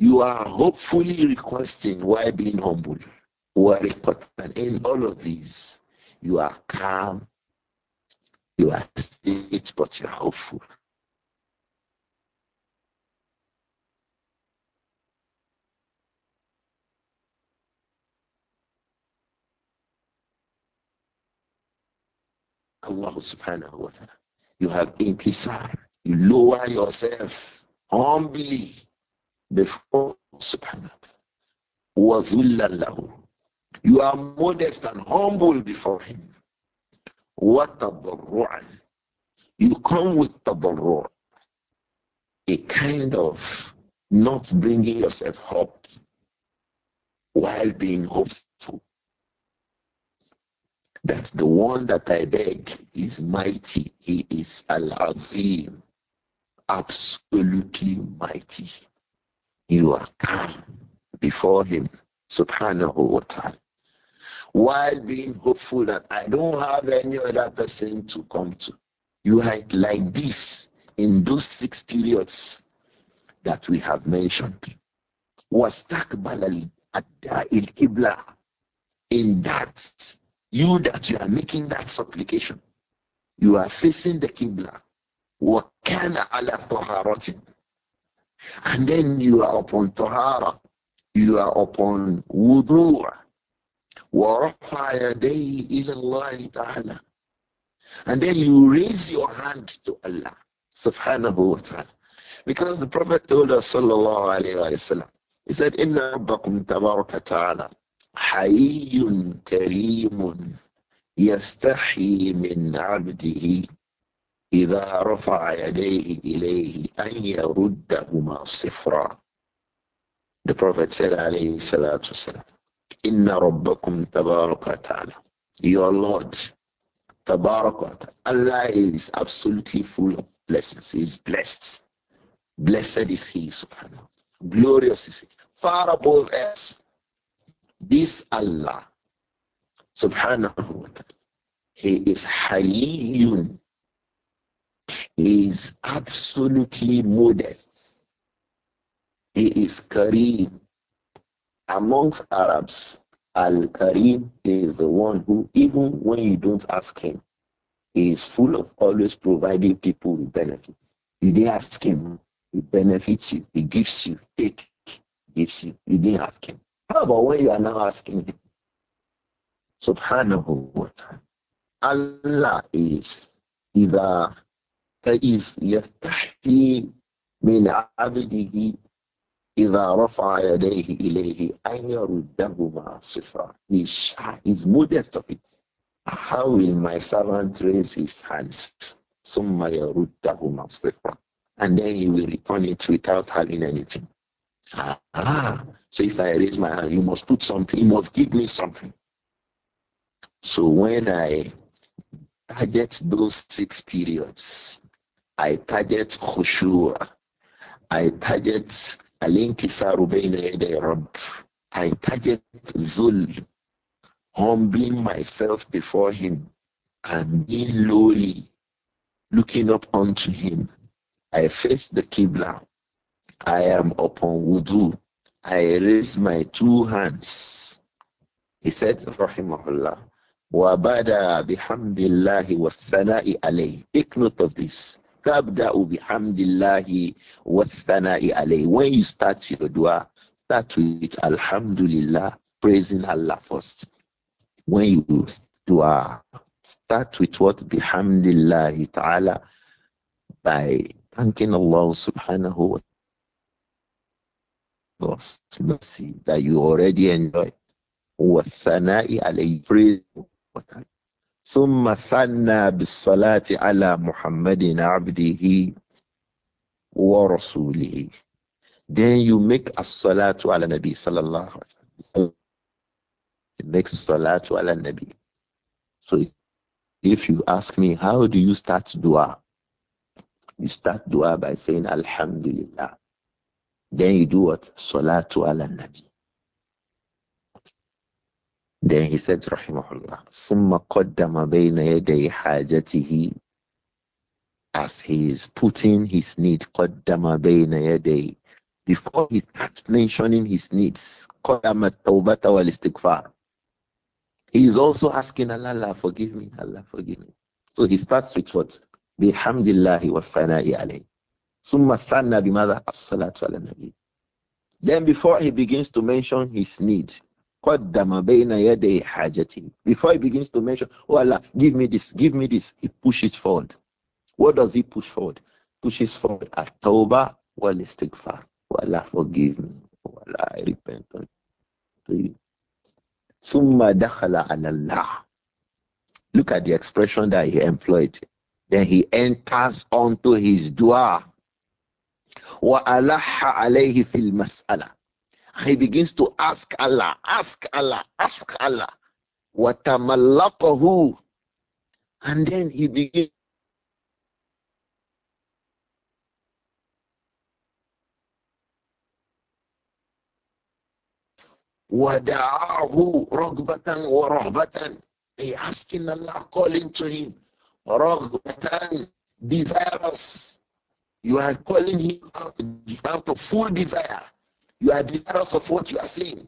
You are hopefully requesting while being humble but in all of these, you are calm, you are state, but you are hopeful. Allah subhanahu wa ta'ala. You have intisar. You lower yourself humbly before subhanahu wa ta'ala. You are modest and humble before Him. What tabarru'an? You come with tabarru', a kind of not bringing yourself up while being hopeful. That the one that I beg is mighty, he is Al Azim, absolutely mighty. You are calm before him, subhanahu wa ta'ala while being hopeful that I don't have any other person to come to. You had like this in those six periods that we have mentioned. Was takbalali at il Qibla. In that, you that you are making that supplication, you are facing the Qibla. Allah عَلَى طَهَارَةٍ And then you are upon Tahara. You are upon wudu' ورفع يديه إلى الله تعالى and then you raise your hand to Allah subhanahu wa ta'ala because the Prophet told us sallallahu alayhi wa sallam he said inna rabbakum tabaraka ta'ala hayyun kareemun يستحي من عبده إذا رفع يديه إليه أن يردهما صفرا The Prophet said عليه الصلاة والسلام Inna Rabbakum Tabarakatala. Your Lord Tabarakat. Allah is absolutely full of blessings. He is blessed. Blessed is He, subhanahu. Glorious is He. Far above us. This Allah, subhanahu wa ta'ala, He is Hayyun. He is absolutely modest. He is Kareem amongst Arabs, Al Karim is the one who, even when you don't ask him, is full of always providing people with benefits. You didn't ask him, he benefits you, he gives you, take, gives you. You didn't ask him. How about when you are now asking him? Subhanahu wa ta'ala. Allah is either is يستحي من عبده إذا رفع يديه إليه أن يردهما صفرا He's shy, he's modest of it. How will my servant raise his hands? ثم يردهما صفرا And then he will return it without having anything. Ah, so if I raise my hand, he must put something, He must give me something. So when I target those six periods, I target Khoshua, I target الانكسار بين يدي رب I target Zul, humbling myself before him and being lowly, looking up unto him. I face the Qibla. I am upon wudu. I raise my two hands. He said, Rahimahullah, وَبَدَى بِحَمْدِ was وَالثَّنَاءِ عَلَيْهِ Take note of this. Tabda'u bihamdillahi wa alayhi. When you start your dua, start with alhamdulillah, praising Allah first. When you dua, start with what? Bihamdillahi ta'ala by thanking Allah subhanahu wa taala mercy that you already enjoy. وَالثَّنَاءِ عَلَيْهِ Praise ثم ثنى بالصلاة على محمد عبده ورسوله then you make as-salatu ala nabi sallallahu alaihi wasallam make salatu ala nabi so if you ask me how do you start dua you start dua by saying alhamdulillah then you do what salatu ala nabi then he said, Rahimahullah, Summa قدم bayna يدي hajatihi, as he is putting his need, قدم bayna يدي before he starts mentioning his needs, قدم التوبة والاستغفار he is also asking Allah, Allah forgive me, Allah forgive me. So he starts with what? Bihamdillahi wa sana'i alayhi. Summa sana bimada as-salatu ala Then before he begins to mention his need, before he begins to mention oh Allah give me this give me this he pushes forward what does he push forward pushes forward at tawbah wal istighfar oh Allah forgive me oh Allah I repent to you look at the expression that he employed then he enters onto his dua وألح عليه fil masala. He begins to ask Allah, ask Allah, ask Allah. What am Watamalakahu. And then he begins. Wada'ahu ragbatan wa rahbatan. He asking Allah, calling to him. Ragbatan, desirous. You are calling him out, out of full desire. You are desirous of what you are seeing.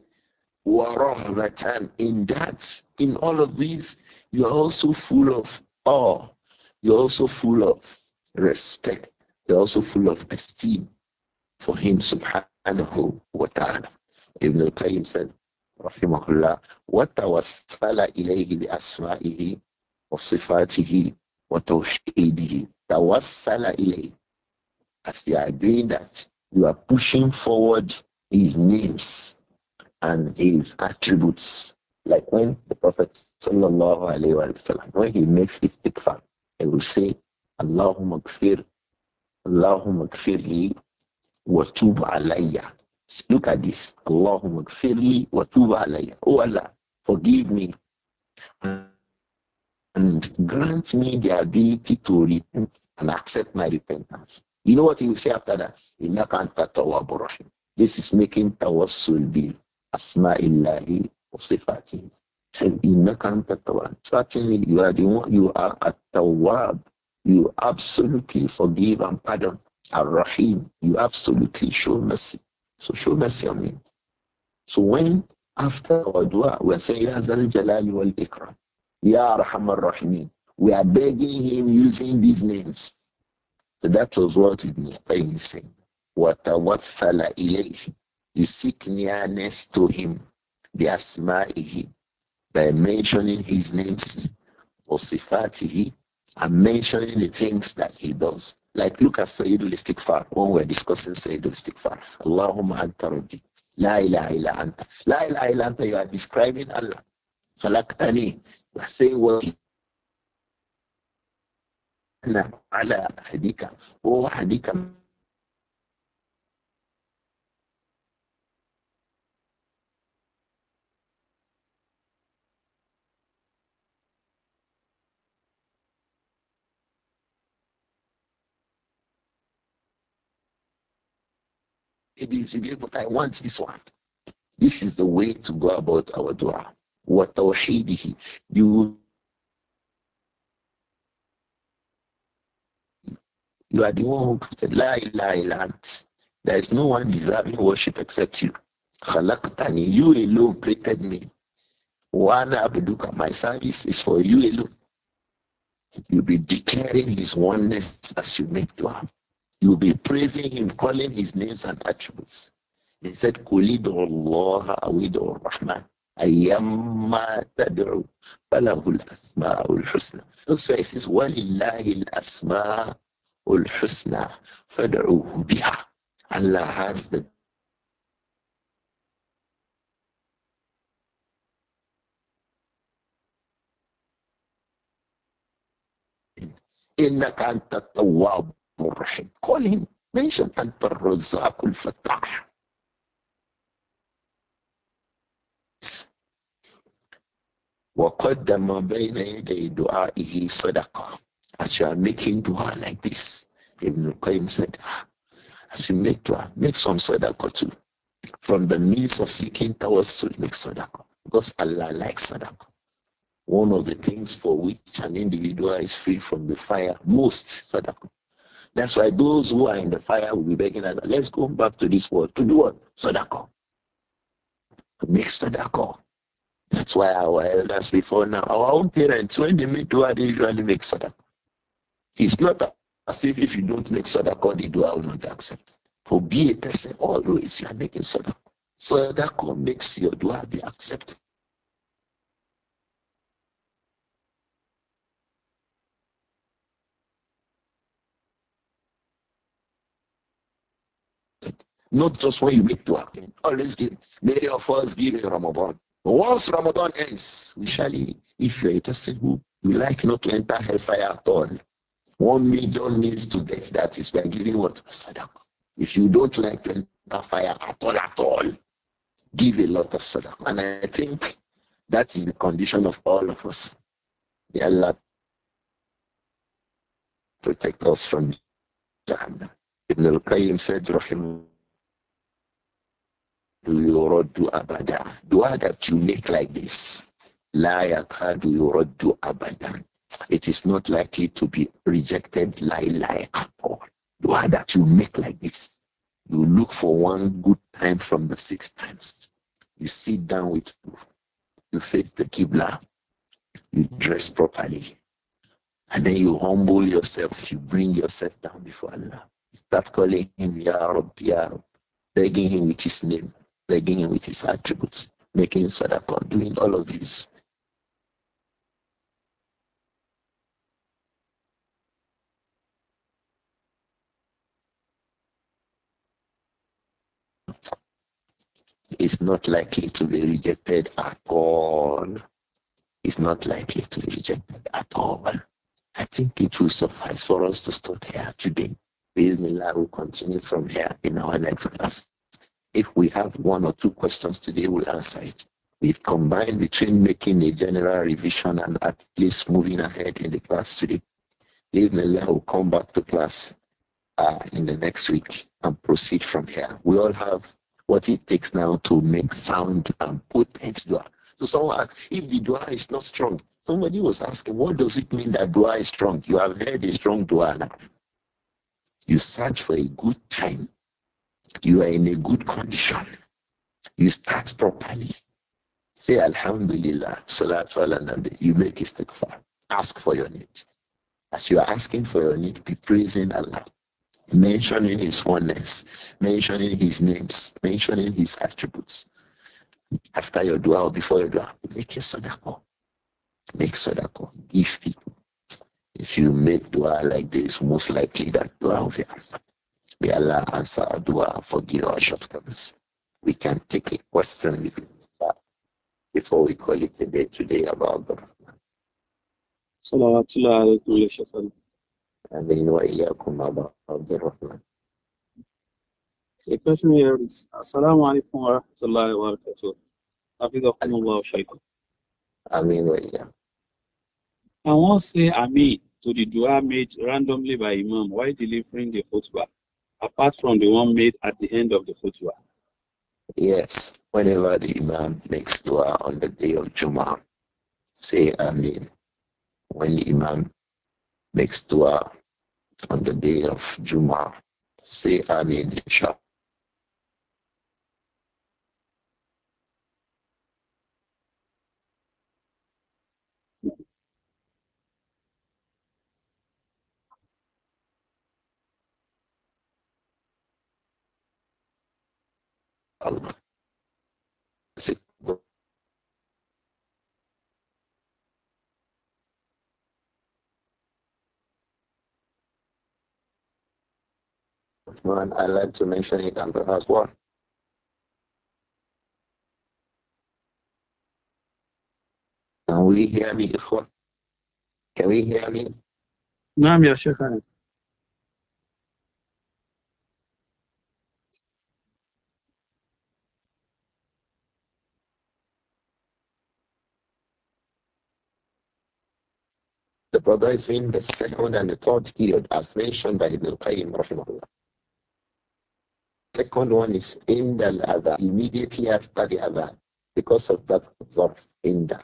Warahmatan. In that, in all of these, you are also full of awe. You're also full of respect. You're also full of esteem for Him, subhanahu wa ta'ala. Ibn al Qayyim said, Rahimahullah, وَتَوَسَّلَ إِلَيْهِ بِأَسْمَائِهِ وَصِفَاتِهِ وَتَوْحِيدِهِ تَوَسَّلَ ilayhi." As they are doing that, you are pushing forward his names and his attributes. Like when the Prophet sallallahu alaihi wasallam, when he makes his istighfar, he will say, "Allahumma kfir, Allahumma kfirli wa tub alayya." Look at this. Allahumma kfirli wa tub alayya. Oh Allah, forgive me and grant me the ability to repent and accept my repentance. You know what he will say after that? This is making tawassul bi asma'illahi wa sifatihi. Said, innaka anta Certainly you are the one, you are at tawab. You absolutely forgive and pardon. Ar-Rahim, you absolutely show mercy. So show mercy on me. So when after our dua, we are saying, Ya Zal Jalal wal Ikram, Ya Arhamar Rahim, we are begging him using these names. So that was what Ibn Qayyim is saying. وَتَوَسَّلَ إِلَيْهِ You seek nearness to him بِأَسْمَائِهِ by mentioning his names وَصِفَاتِهِ and mentioning the things that he does. Like look at Sayyidul Istighfar when we're discussing Sayyidul Istighfar. Allahumma anta rabbi. La ilaha illa anta. La ilaha illa anta. You are describing Allah. Khalaqtani. You are saying what ala hadika. أحدك oh, hadika. Maybe you should be able I want this one. This is the way to go about our dua. What tawheedihi. You You are the one who created La ilaha illa There is no one deserving worship except you. Khalaqtani, you alone created me. Wana abduka, my service is for you alone. You'll be declaring his oneness as you make dua you'll be praising him, calling his names and attributes. He said, Kulidu Allah awidu rahman ayamma tadu falahul asma'ul husna. That's why he says, walillahi asma'ul husna fadu'uhu biha. Allah has the إنك أنت التواب Murrahim. Call him. Mention Al-Barrazaq Al-Fattah. وقدم بين يدي دعائه صدقة as you are making dua like this Ibn Qayyim said ah, as you make dua make some sadaqah too from the means of seeking tawassul make sadaqah because Allah likes sadaqah one of the things for which an individual is free from the fire most sadaqah that's why those who are in the fire will be begging us. let's go back to this world. To do what? Sadaqah. To make sadaqah. That's why our elders before now, our own parents, when they make dua, they usually make sadaqah. It's not as if if you don't make sadaqah, the dua will not accept. To be a person, always you are making sadaqah. Sadaqah makes your dua be accepted. Not just when you make dua. Always give. Many of us give in Ramadan. once Ramadan ends, we shall If you're a person who you like not to enter hellfire at all, one million means to get that is by giving what? Sadaqah. If you don't like to enter fire at all, at all, give a lot of sadaqah. And I think that is the condition of all of us. May Allah protect us from Jahannam. Ibn al-Qayyim said, yuraddu abada. Dua that you make like this. La yakadu yuraddu abada. It is not likely to be rejected lie lie at all. Dua that you make like this. You look for one good time from the six times. You sit down with You face the Qibla. You dress properly. And then you humble yourself. You bring yourself down before Allah. start calling him Ya Rabbi, Ya Rabbi, begging him with his name beginning with his attributes, making sadaqah, doing all of these. It's not likely to be rejected at all. It's not likely to be rejected at all. I think it will suffice for us to stop here today. Bismillah will continue from here in our next class. If we have one or two questions today, we'll answer it. We've combined between making a general revision and at least moving ahead in the class today. Ibn will come back to class uh, in the next week and proceed from here. We all have what it takes now to make sound and potent dua. So someone asked, if the dua is not strong, somebody was asking, what does it mean that dua is strong? You have heard a strong dua now. You search for a good time you are in a good condition. You start properly. Say Alhamdulillah, Salatu ala You make istighfar. Ask for your need. As you are asking for your need, be praising Allah, mentioning His oneness, mentioning His names, mentioning His attributes. After your dua or before your dua, make your sadaqah. Make sadaqah. Give people. If you make dua like this, most likely that dua will be answered. May Allah answer our dua, forgive our shortcomings. We can take a question with that before we call it a day today about the Rahman. Salatullah alaykum ya Shafan. Ameen wa iyaakum about the Rahman. So the question here is, Assalamu alaikum wa rahmatullahi wa barakatuh. Hafizakumullah shaykh. Ameen wa iyaakum. I won't say Ameen to the dua made randomly by Imam while delivering the khutbah apart from the one made at the end of the khutbah. Yes, whenever the Imam makes dua on the day of Jum'ah, say Amin. When the Imam makes dua on the day of Jum'ah, say Amin, inshallah. Allah. Say, I like to mention it as well. Can we hear me? Can we hear me? No, I'm ya Sheikh. brother is in the second and the third period, as mentioned by Ibn al-Qayyim, rahimahullah. Second one is in the other immediately after the other because of that observed in the.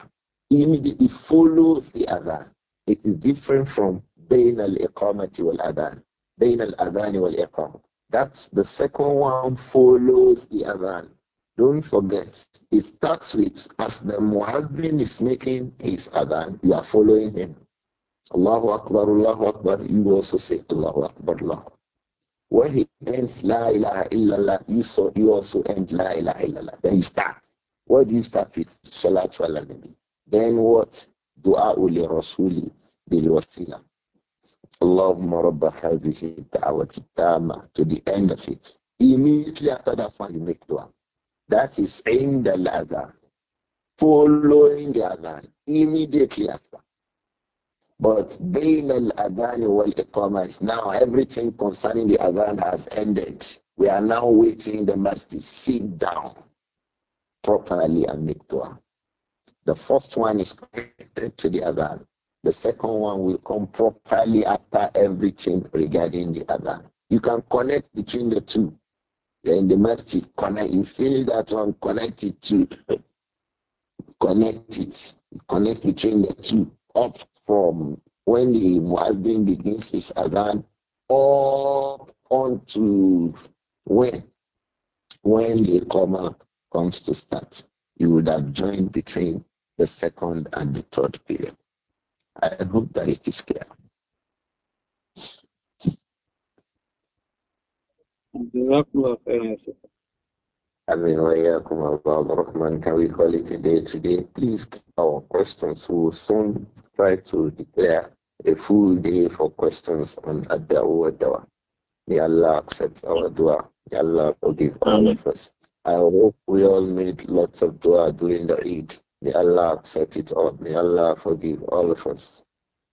Immediately follows the other. It is different from bayn al-iqamati wal-adhan. Bayn al-adhan wal-iqamah. That's the second one follows the adhan. Don't forget, it starts with as the muadhin is making his adhan, you are following him. Allahu Akbar, Allahu Akbar, you also say Allahu Akbar, Allah. Akbar. When he ends La ilaha illallah, you, saw, you also end La ilaha illallah. Then you start. What do you start with? Salatu ala nabi. Then what? Dua uli rasuli bil wasila. Allahumma rabba hadhihi da'wati tama to the end of it. Immediately after that one, you make dua. That is in the adhan. Following the other. Immediately after. But Bain al Adhan wal Iqamah now everything concerning the Adhan has ended. We are now waiting the masjid sit down properly and make dua. The first one is connected to the Adhan. The second one will come properly after everything regarding the Adhan. You can connect between the two. Then the master connect. You finish that one, connect it to connect it. Connect between the two up from when the Muazzin begins his Adhan up onto when? When the comma comes to start. You would have joined between the second and the third period. I hope that it is clear. Amin al Rahman. Can we call it a day today? Please keep our questions. We will soon try to declare a full day for questions on Adda'u Dawa. May Allah accept our dua. May Allah forgive all of us. I hope we all made lots of dua during the Eid. May Allah accept it all. May Allah forgive all of us.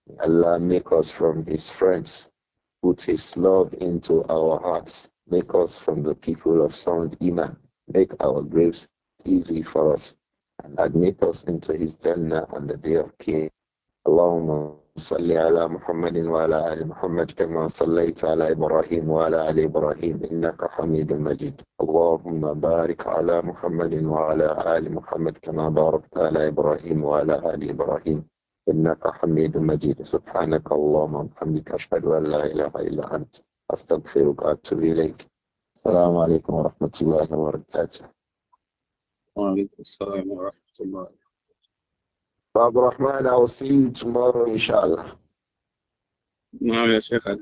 May Allah make us from His friends. Put His love into our hearts. Make us from the people of sound Iman make our graves easy for us and admit us into his Jannah on the day of King. Allahumma salli ala wa ala Muhammad kama sallaita ala Ibrahim wa ala ali Ibrahim innaka hamidun majid. Allahumma barik ala Muhammadin wa ala ali Muhammad kama barakta ala Ibrahim wa ala ali Ibrahim innaka hamidun majid. Subhanaka Allahumma hamdika ashhadu an la ilaha illa ant. Astaghfiruka wa السلام عليكم ورحمة الله وبركاته وعليكم السلام ورحمة الله باب الرحمن I will see you tomorrow inshallah نعم يا شيخ